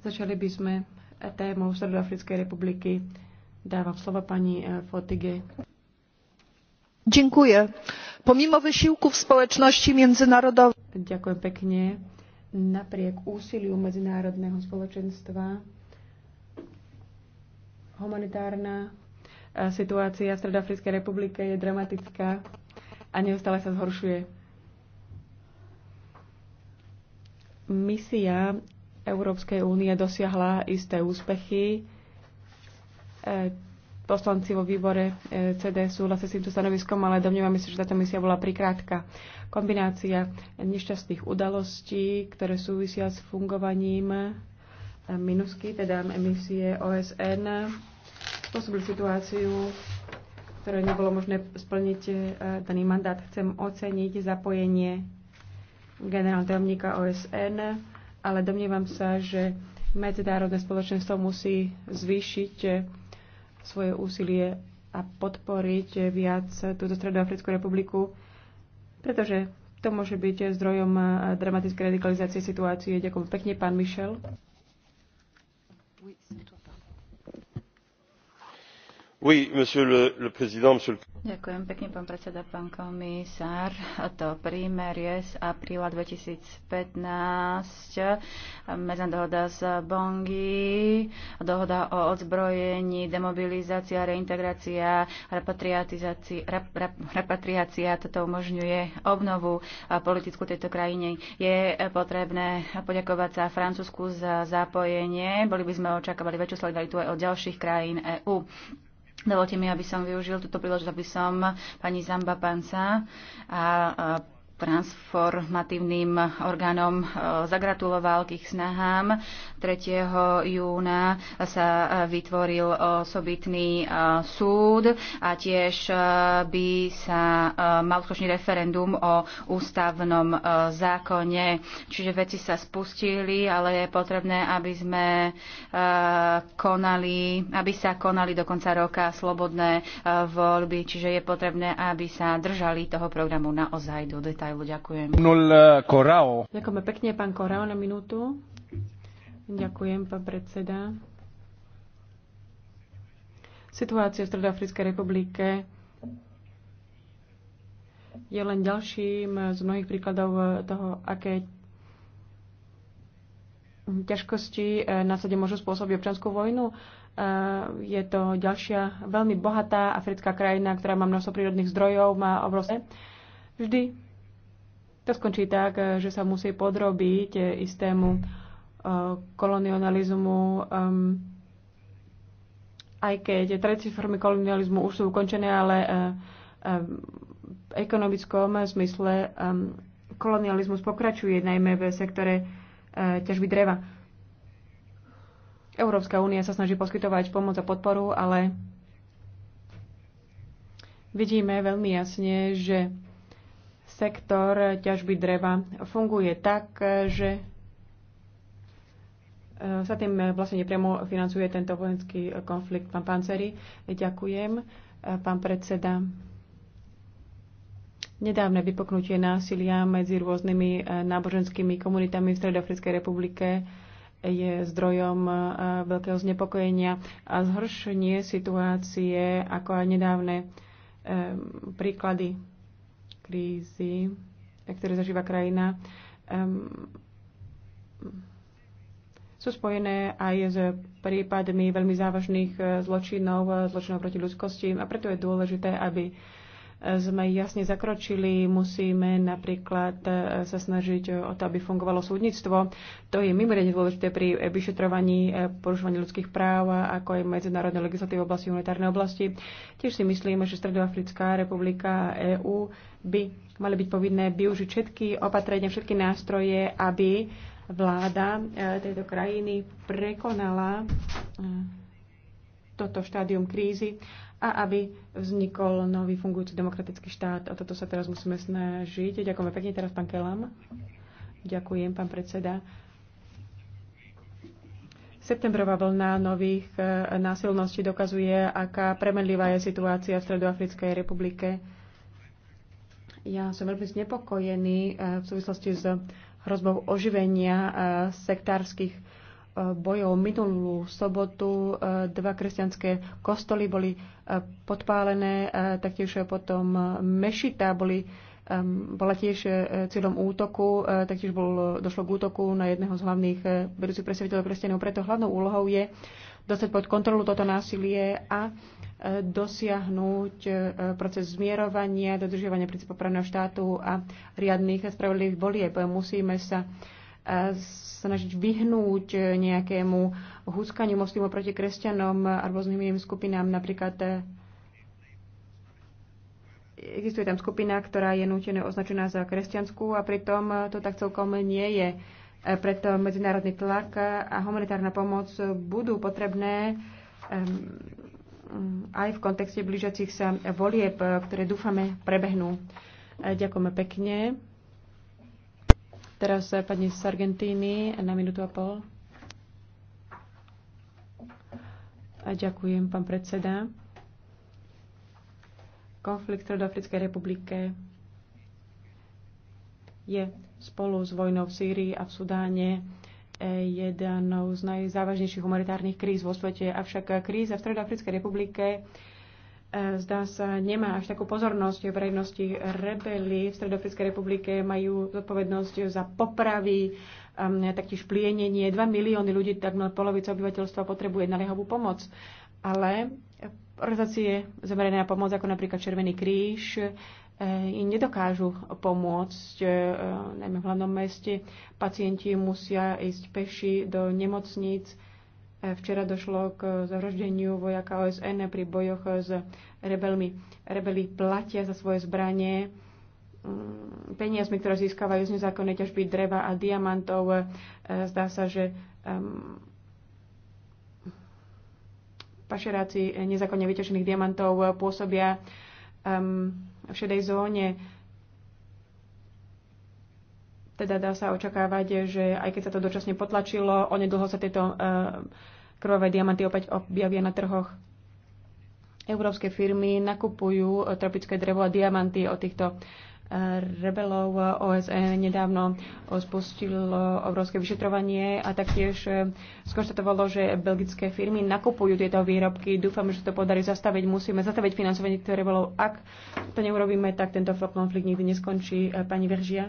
Začali by sme témou Stredoafrickej republiky. Dávam slovo pani eh, Fotige. Dziękuję. Pomimo wysiłków społeczności międzynarodowej. Dziękuję pięknie. Napriek úsiliu medzinárodného spoločenstva humanitárna eh, situácia v Stredoafrickej republike je dramatická a neustále sa zhoršuje. Misia Európskej únie dosiahla isté úspechy. E, poslanci vo výbore e, CD súhlasia s týmto stanoviskom, ale domnievame sa, že táto misia bola prikrátka. Kombinácia nešťastných udalostí, ktoré súvisia s fungovaním e, minusky, teda emisie OSN, spôsobili situáciu, ktoré nebolo možné splniť daný mandát. Chcem oceniť zapojenie generálneho tajomníka OSN ale domnievam sa, že medzinárodné spoločenstvo musí zvýšiť eh, svoje úsilie a podporiť eh, viac túto Stredoafrickú republiku, pretože to môže byť eh, zdrojom dramatickej radikalizácie situácie. Ďakujem pekne, pán Mišel. Oui, Ďakujem pekne, pán predseda, pán komisár. To prímerie z apríla 2015, medzná dohoda z Bongi, dohoda o odzbrojení, demobilizácia, reintegrácia, repatriácia, toto umožňuje obnovu politickú tejto krajine. Je potrebné poďakovať sa Francúzsku za zapojenie. Boli by sme očakávali väčšiu solidaritu aj od ďalších krajín EÚ. Dovolte mi, aby som využil túto príležitosť, aby som pani Zamba Panca a, a transformatívnym orgánom e, zagratuloval k ich snahám. 3. júna sa vytvoril osobitný e, súd a tiež e, by sa mal skočný referendum o ústavnom zákone. Čiže veci sa spustili, ale je potrebné, aby sme konali, aby sa konali do konca roka slobodné voľby, čiže je potrebné, aby sa držali toho programu naozaj do detajlov. Izraelu. Ďakujem. Nul Korao. Eh, Ďakujeme pekne, pán Korao, na minútu. Ďakujem, pán predseda. Situácia v Stredoafrickej republike je len ďalším z mnohých príkladov toho, aké ťažkosti eh, na sede môžu spôsobiť občanskú vojnu. Eh, je to ďalšia veľmi bohatá africká krajina, ktorá má množstvo prírodných zdrojov, má obrovské. Vždy to skončí tak, eh, že sa musí podrobiť eh, istému eh, kolonializmu, ehm, aj keď tradičné formy kolonializmu už sú ukončené, ale v ekonomickom zmysle ehm, kolonializmus pokračuje, najmä v sektore ťažby dreva. Európska únia sa snaží poskytovať pomoc a podporu, ale vidíme veľmi jasne, že sektor ťažby dreva funguje tak, že e, sa tým vlastne nepriamo financuje tento vojenský konflikt. Pán Panceri, ďakujem. E, pán predseda, nedávne vypoknutie násilia medzi rôznymi e, náboženskými komunitami v Stredoafrickej republike je zdrojom veľkého znepokojenia a zhoršenie situácie, ako aj nedávne príklady krízy, ktoré zažíva krajina, um, sú spojené aj s prípadmi veľmi závažných eh, zločinov, eh, zločinov proti ľudskosti a preto je dôležité, aby sme jasne zakročili, musíme napríklad e, sa snažiť o to, aby fungovalo súdnictvo. To je mimoriadne dôležité pri vyšetrovaní e, porušovaní ľudských práv, ako aj medzinárodnej legislatívy v oblasti humanitárnej oblasti. Tiež si myslíme, že Stredoafrická republika a EÚ by mali byť povinné využiť všetky opatrenia, všetky nástroje, aby vláda e, tejto krajiny prekonala toto štádium krízy a aby vznikol nový fungujúci demokratický štát. O toto sa teraz musíme snažiť. Ďakujeme pekne teraz, pán Kelam. Ďakujem, pán predseda. Septembrová vlna nových e, násilností dokazuje, aká premenlivá je situácia v Stredoafrickej republike. Ja som veľmi znepokojený e, v súvislosti s hrozbou oživenia e, sektárskych Eh, bojov minulú sobotu eh, dva kresťanské kostoly boli eh, podpálené, taktiež potom mešita boli, bola tiež cieľom útoku, taktiež bol, došlo k útoku na jedného z hlavných vedúcich predstaviteľov kresťanov. Preto hlavnou úlohou je dostať pod kontrolu toto násilie a dosiahnuť proces zmierovania, dodržiavania princípov právneho štátu a riadných a spravodlivých volieb. Musíme sa snažiť vyhnúť nejakému húskaniu moslimov proti kresťanom a rôznym iným skupinám. Napríklad eh, existuje tam skupina, ktorá je nútené označená za kresťanskú a pritom to tak celkom nie je. Eh, preto medzinárodný tlak a humanitárna pomoc budú potrebné aj v kontexte blížiacich sa volieb, eh, ktoré dúfame prebehnú. Ďakujeme pekne. Teraz eh, pani z Argentíny na minútu a pol. A ďakujem, pán predseda. Konflikt v Africkej republike je spolu s vojnou v Sýrii a v Sudáne eh, jednou z najzávažnejších humanitárnych kríz vo svete. Avšak kríza v Stredoafrickej republike zdá sa, nemá až takú pozornosť v verejnosti. Rebeli v Stredoafrickej republike majú zodpovednosť za popravy, um, taktiež plienenie. Dva milióny ľudí, takmer no, polovica obyvateľstva potrebuje naliehavú pomoc. Ale organizácie zamerané na pomoc, ako napríklad Červený kríž, eh, im nedokážu pomôcť, eh, najmä v hlavnom meste. Pacienti musia ísť peši do nemocníc, Včera došlo k zavraždeniu vojaka OSN pri bojoch s rebelmi. Rebeli platia za svoje zbranie mm, peniazmi, ktoré získavajú z nezákonnej ťažby dreva a diamantov. E, zdá sa, že pašeráci nezákonne vyťažených diamantov pôsobia v šedej zóne teda dá sa očakávať, že aj keď sa to dočasne potlačilo, onedlho sa tieto e, krvavé diamanty opäť objavia na trhoch. Európske firmy nakupujú e, tropické drevo a diamanty od týchto e, rebelov OSN nedávno spustilo obrovské vyšetrovanie a taktiež skonštatovalo, že belgické firmy nakupujú tieto výrobky. Dúfam, že to podarí zastaviť. Musíme zastaviť financovanie týchto rebelov. Ak to neurobíme, tak tento konflikt nikdy neskončí. Pani Veržia.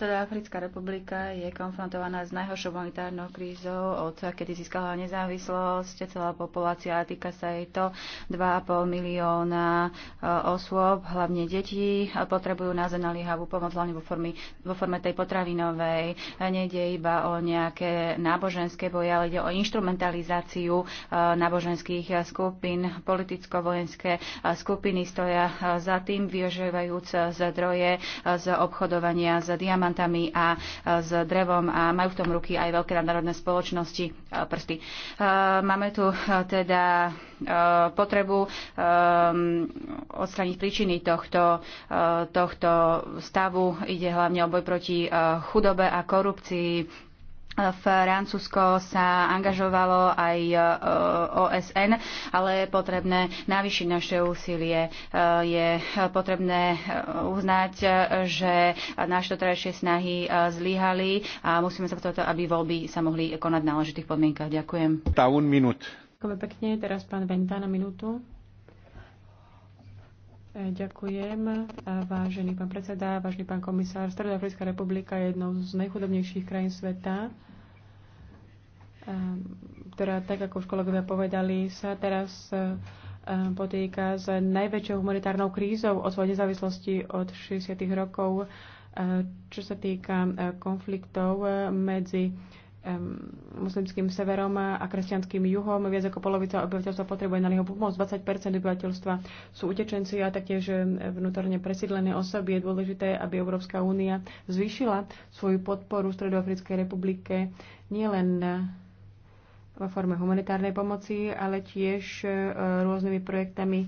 Teda Africká republika je konfrontovaná s najhoršou humanitárnou krízou od kedy získala nezávislosť. Celá populácia týka sa jej to 2,5 milióna eh, osôb, hlavne detí. Potrebujú na naliehavú pomoc, hlavne vo, formy, vo forme tej potravinovej. Nejde iba o nejaké náboženské boje, ale ide o instrumentalizáciu eh, náboženských skupín. Politicko-vojenské eh, skupiny stoja za tým, využívajúc zdroje z obchodovania za diamantami diamantami a s drevom a majú v tom ruky aj veľké nadnárodné spoločnosti e, prsty. E, máme tu e, teda potrebu odstraniť príčiny tohto, tohto stavu. Ide hlavne o boj proti chudobe a korupcii, Francúzsko sa angažovalo aj e, OSN, ale je potrebné navýšiť naše úsilie. E, je potrebné e, uznať, že naše doterajšie snahy zlyhali a musíme sa toto, aby voľby sa mohli konať v náležitých podmienkach. Ďakujem. Tá un minút. Ďakujem pekne. Teraz pán Venta na minútu. E, ďakujem, e, vážený pán predseda, vážený pán komisár. Stredoafrická republika je jednou z najchudobnejších krajín sveta, e, ktorá, tak ako už kolegovia povedali, sa teraz potýka s najväčšou humanitárnou krízou od svojej nezávislosti od 60. rokov, čo sa týka konfliktov medzi muslimským severom a kresťanským juhom. Viac ako polovica obyvateľstva potrebuje na jeho pomoc. 20 obyvateľstva sú utečenci a taktiež vnútorne presídlené osoby. Je dôležité, aby Európska únia zvýšila svoju podporu Stredoafrickej republike nielen eh, vo forme humanitárnej pomoci, ale tiež eh, rôznymi projektami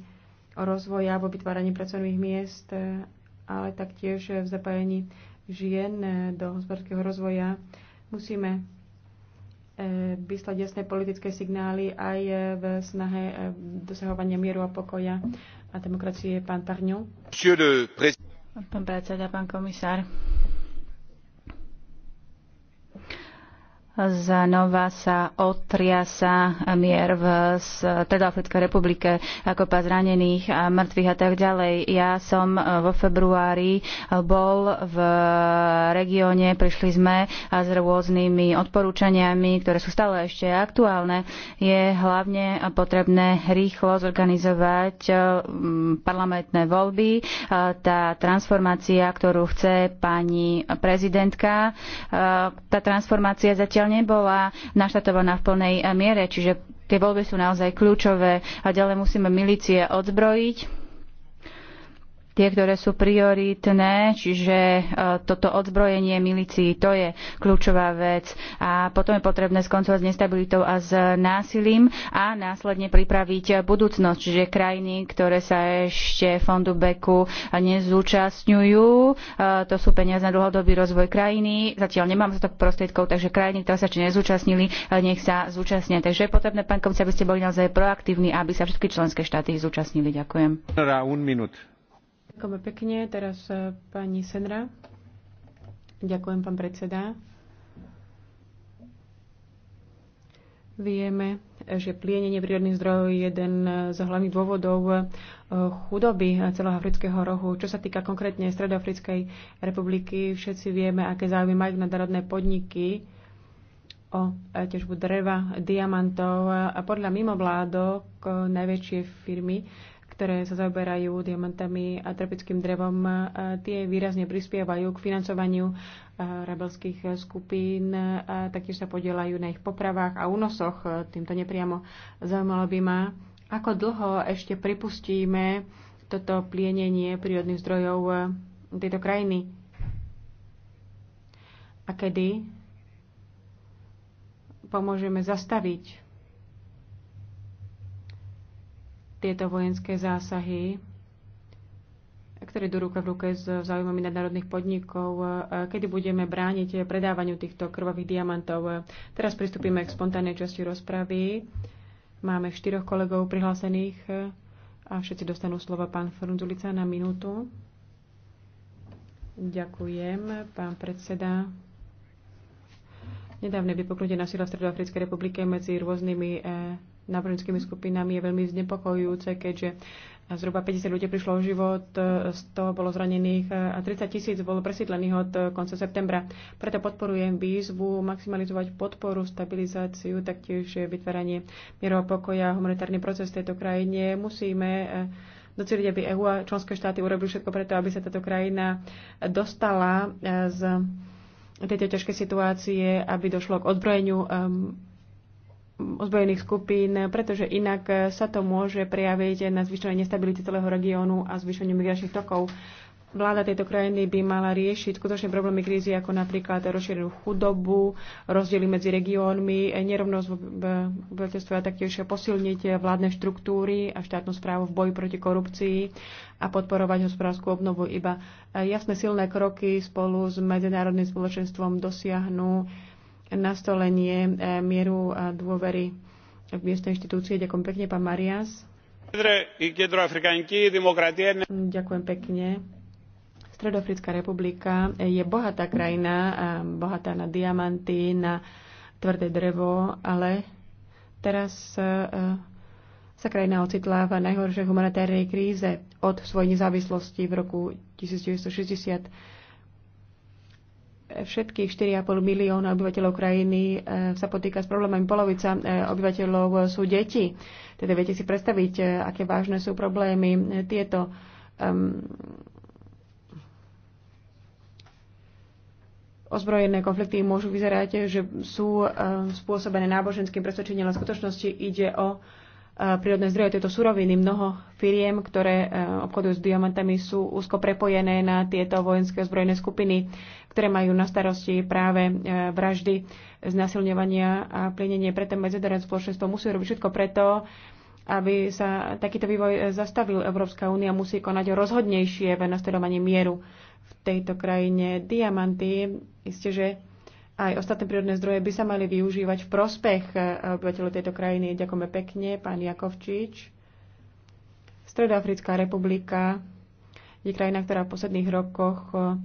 rozvoja vo vytváraní pracovných miest, eh, ale taktiež v zapájení žien do hospodárskeho rozvoja. Musíme E, vyslať jasné politické signály aj v snahe e, dosahovania mieru a pokoja a demokracie. Pán Parňu. Pán predseda, pán komisár. Znova sa otriasa mier v Stredoafrickej republike, ako pás zranených a mŕtvych a tak ďalej. Ja som e, vo februári e, bol v regióne, prišli sme s rôznymi odporúčaniami, ktoré sú stále ešte aktuálne. Je hlavne potrebné rýchlo zorganizovať e, parlamentné voľby. Tá transformácia, ktorú chce pani prezidentka, tá transformácia zatiaľ nebola naštatovaná v plnej miere, čiže tie voľby sú naozaj kľúčové a ďalej musíme milície odzbrojiť tie, ktoré sú prioritné, čiže toto odzbrojenie milícií, to je kľúčová vec. A potom je potrebné skoncovať s nestabilitou a s násilím a následne pripraviť budúcnosť, čiže krajiny, ktoré sa ešte fondu Beku nezúčastňujú. To sú peniaze na dlhodobý rozvoj krajiny. Zatiaľ nemám za to prostriedkov, takže krajiny, ktoré sa ešte nezúčastnili, nech sa zúčastnia. Takže je potrebné, pán komisár, aby ste boli naozaj proaktívni, aby sa všetky členské štáty zúčastnili. Ďakujem. Ďakujeme pekne. Teraz e, pani Senra. Ďakujem, pán predseda. Vieme, že plienenie prírodných zdrojov je jeden e, z hlavných dôvodov e, chudoby celého afrického rohu. Čo sa týka konkrétne Stredoafrickej republiky, všetci vieme, aké záujmy majú nadarodné podniky o ťažbu dreva, diamantov a podľa mimovládok najväčšie firmy ktoré sa zaoberajú diamantami a tropickým drevom, tie výrazne prispievajú k financovaniu rebelských skupín, a taktiež sa podielajú na ich popravách a únosoch, týmto nepriamo. Zaujímalo by ma, ako dlho ešte pripustíme toto plienenie prírodných zdrojov tejto krajiny a kedy pomôžeme zastaviť tieto vojenské zásahy, ktoré idú ruka v ruke s záujmami nadnárodných podnikov, kedy budeme brániť predávaniu týchto krvavých diamantov. Teraz pristúpime k spontánnej časti rozpravy. Máme štyroch kolegov prihlásených a všetci dostanú slovo pán Frunzulica na minútu. Ďakujem, pán predseda. Nedávne vypoknutie na v Stredoafrickej republike medzi rôznymi eh, náboženskými skupinami je veľmi znepokojujúce, keďže zhruba 50 ľudí prišlo o život, 100 bolo zranených e, a 30 tisíc bolo presídlených od e, konca septembra. Preto podporujem výzvu maximalizovať podporu, stabilizáciu, taktiež vytváranie mierov pokoja, humanitárny proces v tejto krajine. Musíme e, doceliť, aby EU a členské štáty urobili všetko preto, aby sa táto krajina dostala z tejto ťažkej situácie, aby došlo k odbrojeniu ozbrojených skupín, pretože inak sa to môže prejaviť na zvyšovanie nestability celého regiónu a zvyšovanie migračných tokov. Vláda tejto krajiny by mala riešiť skutočne problémy krízy, ako napríklad rozšírenú chudobu, rozdiely medzi regiónmi, nerovnosť v obyvateľstve a taktiež posilniť vládne štruktúry a štátnu správu v boji proti korupcii a podporovať hospodárskú obnovu. Iba jasné silné kroky spolu s medzinárodným spoločenstvom dosiahnu nastolenie eh, mieru a dôvery v miestnej inštitúcie. Ďakujem pekne, pán Marias. Ďakujem pekne. Stredoafrická republika je bohatá krajina, bohatá na diamanty, na tvrdé drevo, ale teraz eh, sa krajina ocitla v najhoršej humanitárnej kríze od svojej nezávislosti v roku 1960 všetkých 4,5 milióna obyvateľov krajiny e, sa potýka s problémami. Polovica e, obyvateľov sú deti. Teda viete si predstaviť, e, aké vážne sú problémy tieto um, ozbrojené konflikty môžu vyzerať, že sú um, spôsobené náboženským presvedčením, ale v skutočnosti ide o prírodné zdroje, tieto suroviny. Mnoho firiem, ktoré e, obchodujú s diamantami, sú úzko prepojené na tieto vojenské zbrojné skupiny, ktoré majú na starosti práve e, vraždy, znasilňovania a plenenie. Preto medzinárodné spoločenstvo musí robiť všetko preto, aby sa takýto vývoj e, zastavil. Európska únia musí konať rozhodnejšie v nasledovaní mieru v tejto krajine. Diamanty, isté, že aj ostatné prírodné zdroje by sa mali využívať v prospech eh, obyvateľov tejto krajiny. Ďakujeme pekne, pán Jakovčič. Stredoafrická republika je krajina, ktorá v posledných rokoch eh,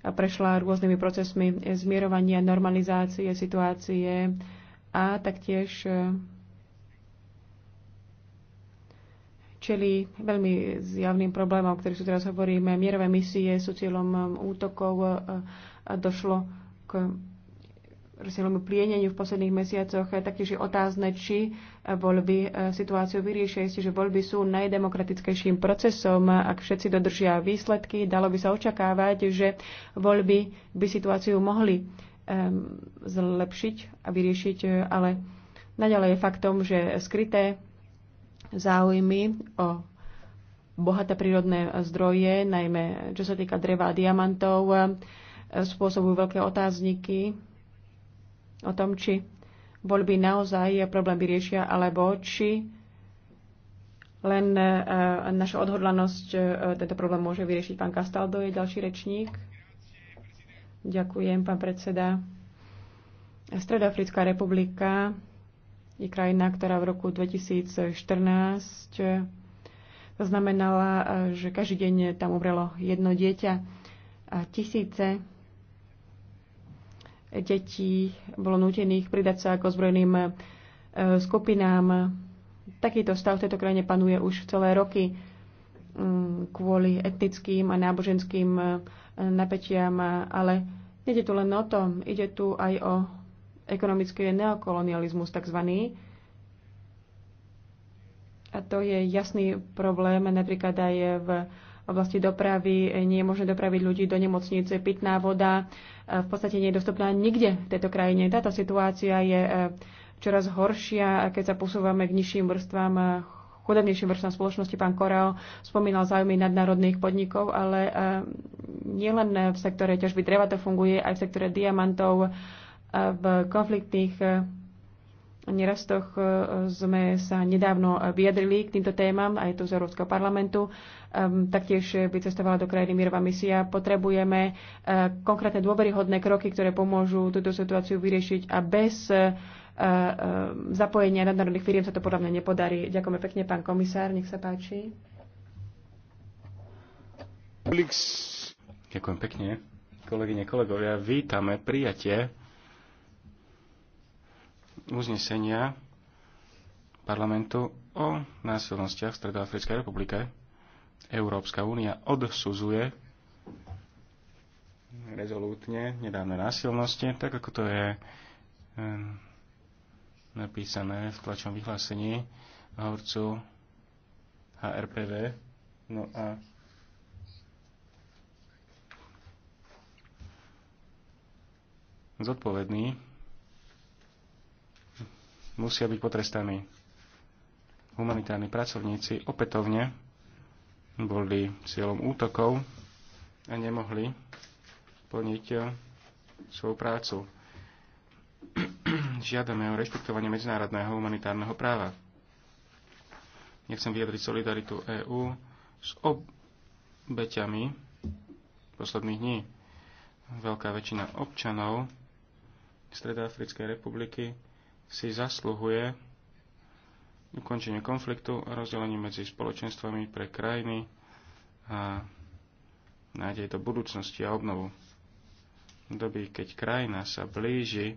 prešla rôznymi procesmi zmierovania, normalizácie situácie a taktiež eh, čeli veľmi zjavným problémom, o ktorých sú teraz hovoríme. Mierové misie sú cieľom útokov a došlo k silomu plieneniu v posledných mesiacoch. Taktiež je otázne, či eh, voľby eh, situáciu vyriešia. Jestli, že voľby sú najdemokratickejším procesom. Ak všetci dodržia výsledky, dalo by sa očakávať, že voľby by situáciu mohli um, zlepšiť a vyriešiť, eh, ale naďalej je faktom, že skryté záujmy o bohaté prírodné zdroje, najmä čo sa týka dreva a diamantov, spôsobujú veľké otázniky o tom, či voľby naozaj problém vyriešia, alebo či len e, naša odhodlanosť e, tento problém môže vyriešiť. Pán Kastaldo je ďalší rečník. Ďakujem, pán predseda. Stredoafrická republika je krajina, ktorá v roku 2014 zaznamenala, e, že každý deň tam umrelo jedno dieťa a tisíce detí bolo nutených pridať sa k ozbrojeným e, skupinám. Takýto stav v tejto krajine panuje už celé roky mm, kvôli etnickým a náboženským e, napätiam, ale nejde tu len o to, ide tu aj o ekonomický neokolonializmus tzv. A to je jasný problém napríklad aj v oblasti dopravy, eh, nie je možné dopraviť ľudí do nemocnice, pitná voda eh, v podstate nie je dostupná nikde v tejto krajine. Táto situácia je eh, čoraz horšia, keď sa posúvame k nižším vrstvám chudobnejším vrstvám spoločnosti. Pán Korao spomínal záujmy nadnárodných podnikov, ale nielen v sektore ťažby dreva to funguje, aj v sektore diamantov, v konfliktných nerastoch e, sme sa nedávno vyjadrili k týmto témam, aj tu z Európskeho parlamentu. Taktiež vycestovala do krajiny Mirová misia. Potrebujeme e, konkrétne dôveryhodné kroky, ktoré pomôžu túto situáciu vyriešiť a bez e, zapojenia nadnárodných firiem sa to podľa mňa nepodarí. Ďakujeme pekne, pán komisár, nech sa páči. Ďakujem pekne. Kolegyne, kolegovia, vítame prijatie uznesenia parlamentu o násilnostiach v Stredoafrickej republike. Európska únia odsuzuje rezolútne nedávne násilnosti, tak ako to je napísané v tlačom vyhlásení hovorcu HRPV. No a zodpovedný musia byť potrestaní. Humanitárni pracovníci opätovne boli cieľom útokov a nemohli plniť eh, svoju prácu. Žiadame o rešpektovanie medzinárodného humanitárneho práva. Nechcem vyjadriť solidaritu EÚ s obeťami posledných dní. Veľká väčšina občanov Stredoafrickej republiky si zasluhuje ukončenie konfliktu, a rozdelenie medzi spoločenstvami pre krajiny a nádej do budúcnosti a obnovu. V doby, keď krajina sa blíži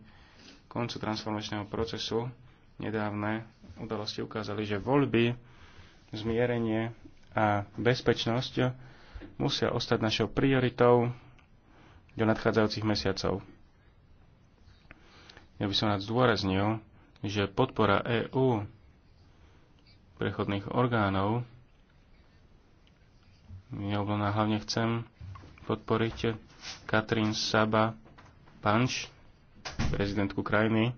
koncu transformačného procesu, nedávne udalosti ukázali, že voľby, zmierenie a bezpečnosť musia ostať našou prioritou do nadchádzajúcich mesiacov. Ja by som rád zdôraznil, že podpora EÚ prechodných orgánov ja hlavne chcem podporiť Katrin Saba Panč, prezidentku krajiny.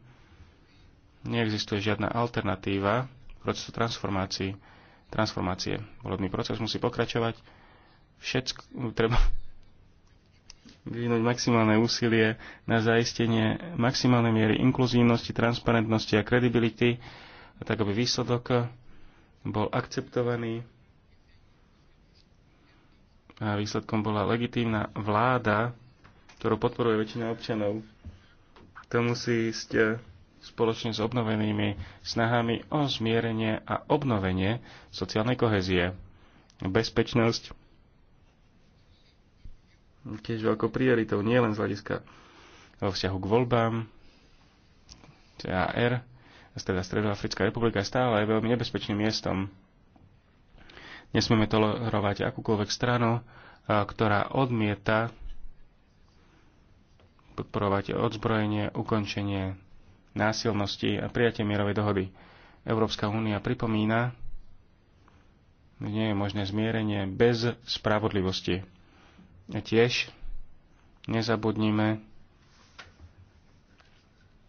Neexistuje žiadna alternatíva procesu transformácie. Volebný proces musí pokračovať. Všetko, treba vyvinúť maximálne úsilie na zaistenie maximálnej miery inkluzívnosti, transparentnosti a kredibility, tak aby výsledok bol akceptovaný a výsledkom bola legitímna vláda, ktorú podporuje väčšina občanov. To musí ísť e, spoločne s obnovenými snahami o zmierenie a obnovenie sociálnej kohezie. Bezpečnosť tiež veľkou prioritou, len z hľadiska vo vzťahu k voľbám, CAR, teda Stredoafrická republika stále je veľmi nebezpečným miestom. Nesmieme tolerovať akúkoľvek stranu, ktorá odmieta podporovať odzbrojenie, ukončenie násilnosti a prijatie mierovej dohody. Európska únia pripomína, že nie je možné zmierenie bez spravodlivosti tiež nezabudnime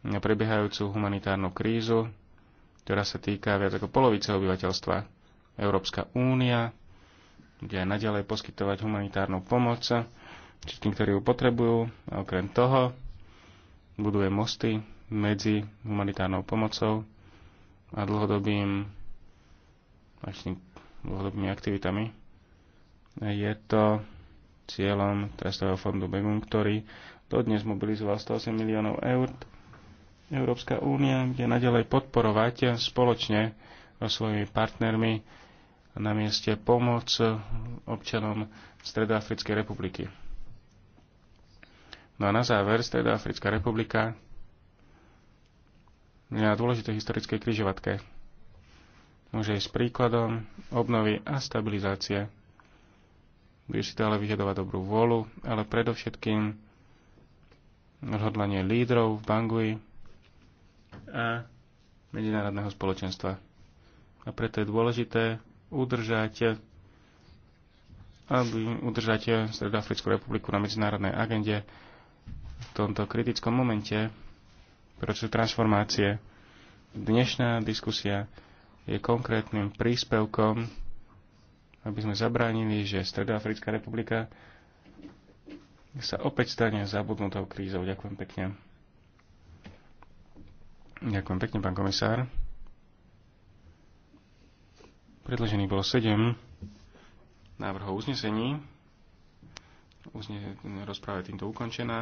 na prebiehajúcu humanitárnu krízu, ktorá sa týka viac ako polovice obyvateľstva. Európska únia kde aj naďalej poskytovať humanitárnu pomoc všetkým, ktorí ju potrebujú. A okrem toho buduje mosty medzi humanitárnou pomocou a dlhodobým, dlhodobými aktivitami. Je to cieľom Trestového fondu Begum, ktorý dodnes mobilizoval 108 miliónov eur. Európska únia bude nadalej podporovať spoločne so svojimi partnermi na mieste pomoc občanom Stredoafrickej republiky. No a na záver Stredoafrická republika je na dôležitej historickej križovatke. Môže ísť príkladom obnovy a stabilizácie bude si to ale vyžadovať dobrú vôľu, ale predovšetkým rozhodlanie lídrov v Bangui a medzinárodného spoločenstva. A preto je dôležité udržať aby udržať Stredoafrickú republiku na medzinárodnej agende v tomto kritickom momente procesu transformácie. Dnešná diskusia je konkrétnym príspevkom aby sme zabránili, že Stredoafrická republika sa opäť stane zabudnutou krízou. Ďakujem pekne. Ďakujem pekne, pán komisár. Predložený bolo 7 návrhov uznesení. Uzne, rozpráva je týmto ukončená.